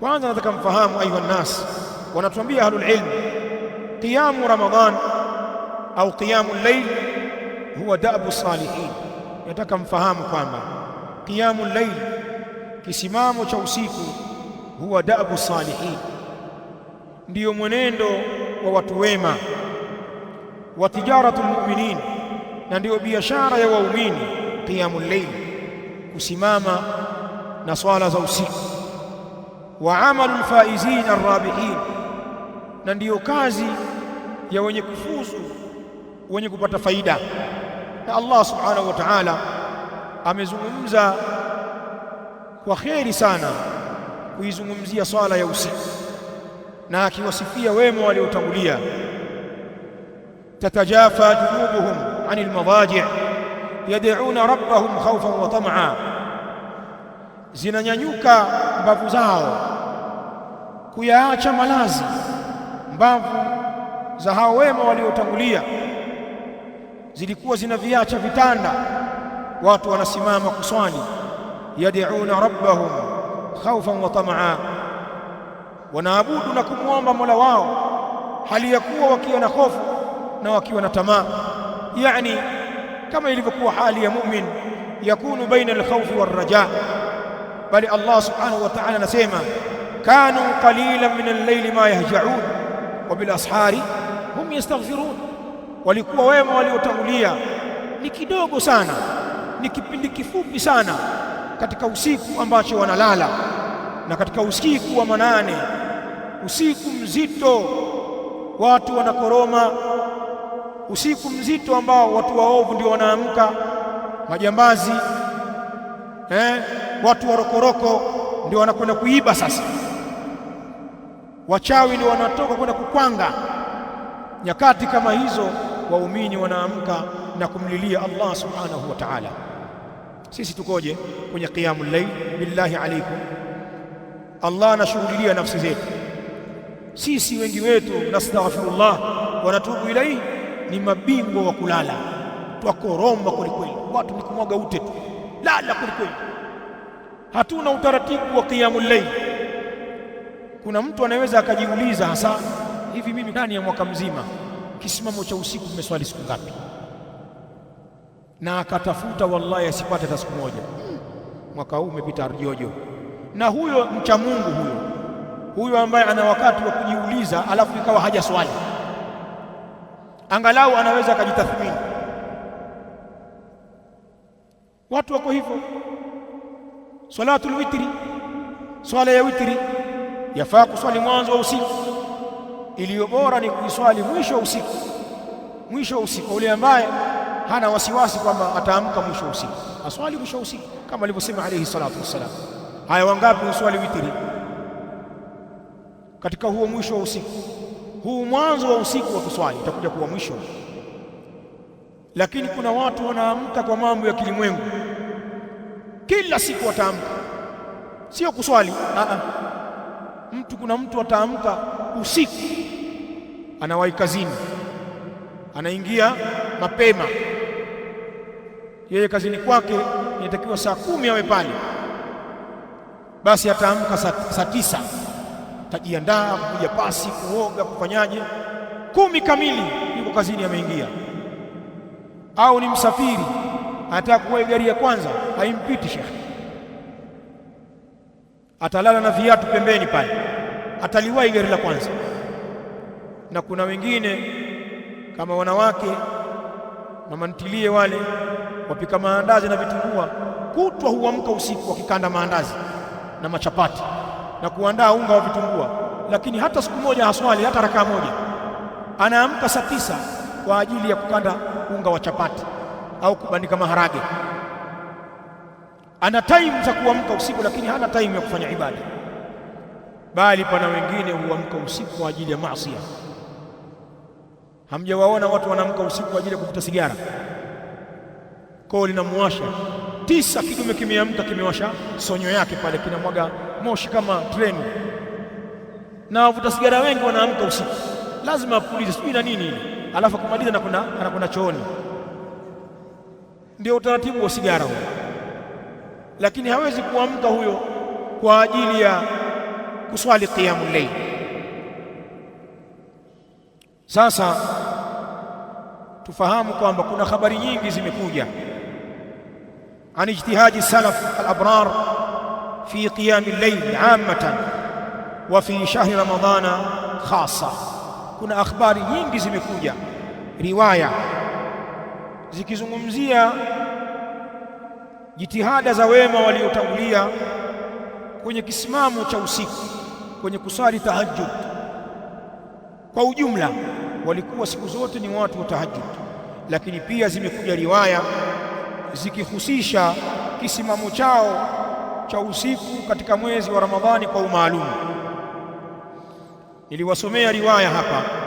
Kwanza nataka mfahamu, ayuha nnas, wanatuambia ahlul ilm, qiyamu ramadan au qiyamu llail huwa dabu salihin. Nataka mfahamu kwamba qiyamu llail, kisimamo cha usiku, huwa dabu salihin, ndiyo mwenendo wa watu wema, wa tijaratu lmuminin, na ndiyo biashara ya waumini. Qiyamu llail, kusimama na swala za usiku wa amalu lfaizin arrabihin, na ndiyo kazi ya wenye kufuzu wenye kupata faida. Na Allah subhanahu wa ta'ala amezungumza kwa kheri sana kuizungumzia swala ya usiku na akiwasifia wema waliotangulia. tatajafa junubuhum ani lmadaji' yad'una rabbahum khawfan wa tam'a, zinanyanyuka mbavu zao kuyaacha malazi mbavu za hao wema waliotangulia zilikuwa zinaviacha vitanda, watu wanasimama kuswali. Yad'una rabbahum khawfan wa tamaa, wanaabudu na kumwomba mola wao hali ya kuwa wakiwa na hofu na wakiwa na tamaa, yani kama ilivyokuwa hali ya mumin. Yakunu baina alkhawfi warraja bali Allah subhanahu wa ta'ala anasema kanu qalilan min al-layli ma yahjaun wa bil ashari hum yastaghfirun, walikuwa wema waliotangulia ni kidogo sana, ni kipindi kifupi sana katika usiku ambacho wanalala, na katika usiku wa manane, usiku mzito watu wanakoroma, usiku mzito ambao watu waovu ndio wanaamka, majambazi eh, watu warokoroko ndio wanakwenda kuiba sasa Wachawi ndio wanatoka kwenda kukwanga. Nyakati kama hizo, waumini wanaamka na kumlilia Allah subhanahu wa ta'ala. Sisi tukoje kwenye qiyamul layl? Billahi alaikum, Allah anashuhudia nafsi zetu sisi. Wengi wetu nastaghfirullah, wanatubu ilaihi, ni mabingwa wa kulala, twakoromba kwelikweli, watu ni kumwaga ute tu, lala kwelikweli. Hatuna utaratibu wa qiyamul layl. Kuna mtu anaweza akajiuliza hasa hivi, mimi ndani ya mwaka mzima kisimamo cha usiku nimeswali siku ngapi? Na akatafuta wallahi, asipate hata siku moja. Mwaka huu umepita arjojo. Na huyo mcha Mungu huyo huyo ambaye ana wakati wa kujiuliza, alafu ikawa haja swali, angalau anaweza akajitathmini. Watu wako hivyo, salatul witri, swala ya witri yafaa kuswali mwanzo wa usiku, iliyo bora ni kuiswali mwisho wa usiku. Mwisho wa usiku, ule ambaye hana wasiwasi kwamba ataamka mwisho wa usiku aswali mwisho wa usiku, kama alivyosema alayhi salatu wassalam. Haya, wangapi uswali witiri katika huo mwisho wa usiku? Huu mwanzo wa usiku wa kuswali utakuja kuwa mwisho, lakini kuna watu wanaamka kwa mambo ya kilimwengu, kila siku wataamka, sio kuswali a a Mtu kuna mtu ataamka usiku, anawahi kazini, anaingia mapema. Yeye kazini kwake inatakiwa saa kumi awe pale, basi ataamka saa tisa, tajiandaa kupiga pasi, kuoga, kufanyaje, kumi kamili yuko kazini, ameingia. Au ni msafiri, anataka kuwahi gari ya kwanza, haimpiti shekhe atalala na viatu pembeni pale, ataliwahi gari la kwanza. Na kuna wengine kama wanawake mama ntilie wale wapika maandazi na vitumbua, kutwa huamka usiku wakikanda maandazi na machapati na kuandaa unga wa vitumbua, lakini hata siku moja haswali hata rakaa moja. Anaamka saa tisa kwa ajili ya kukanda unga wa chapati au kubandika maharage ana time za kuamka usiku, lakini hana time ya kufanya ibada, bali pana wengine huamka usiku kwa ajili ya maasi. Hamjawaona watu wanaamka usiku kwa ajili ya kuvuta sigara? Koo linamuwasha tisa, kidume kimeamka, kimewasha sonyo yake pale, kinamwaga moshi kama treni, na wavuta sigara wengi wanaamka usiku, lazima apulize sijui na nini, alafu akumaliza anakwenda chooni. Ndio utaratibu wa sigara huo lakini hawezi kuamka huyo kwa ajili ya kuswali qiyamu layl. Sasa tufahamu kwamba kuna habari nyingi zimekuja an ijtihadi salaf al-abrar fi qiyamil layl ammatan wa fi shahri ramadana khasa Kuna akhbari nyingi zimekuja riwaya zikizungumzia jitihada za wema waliotangulia kwenye kisimamo cha usiku, kwenye kusali tahajjud. Kwa ujumla walikuwa siku zote ni watu wa tahajjud, lakini pia zimekuja riwaya zikihusisha kisimamo chao cha usiku katika mwezi wa Ramadhani kwa umaalumu. Niliwasomea riwaya hapa.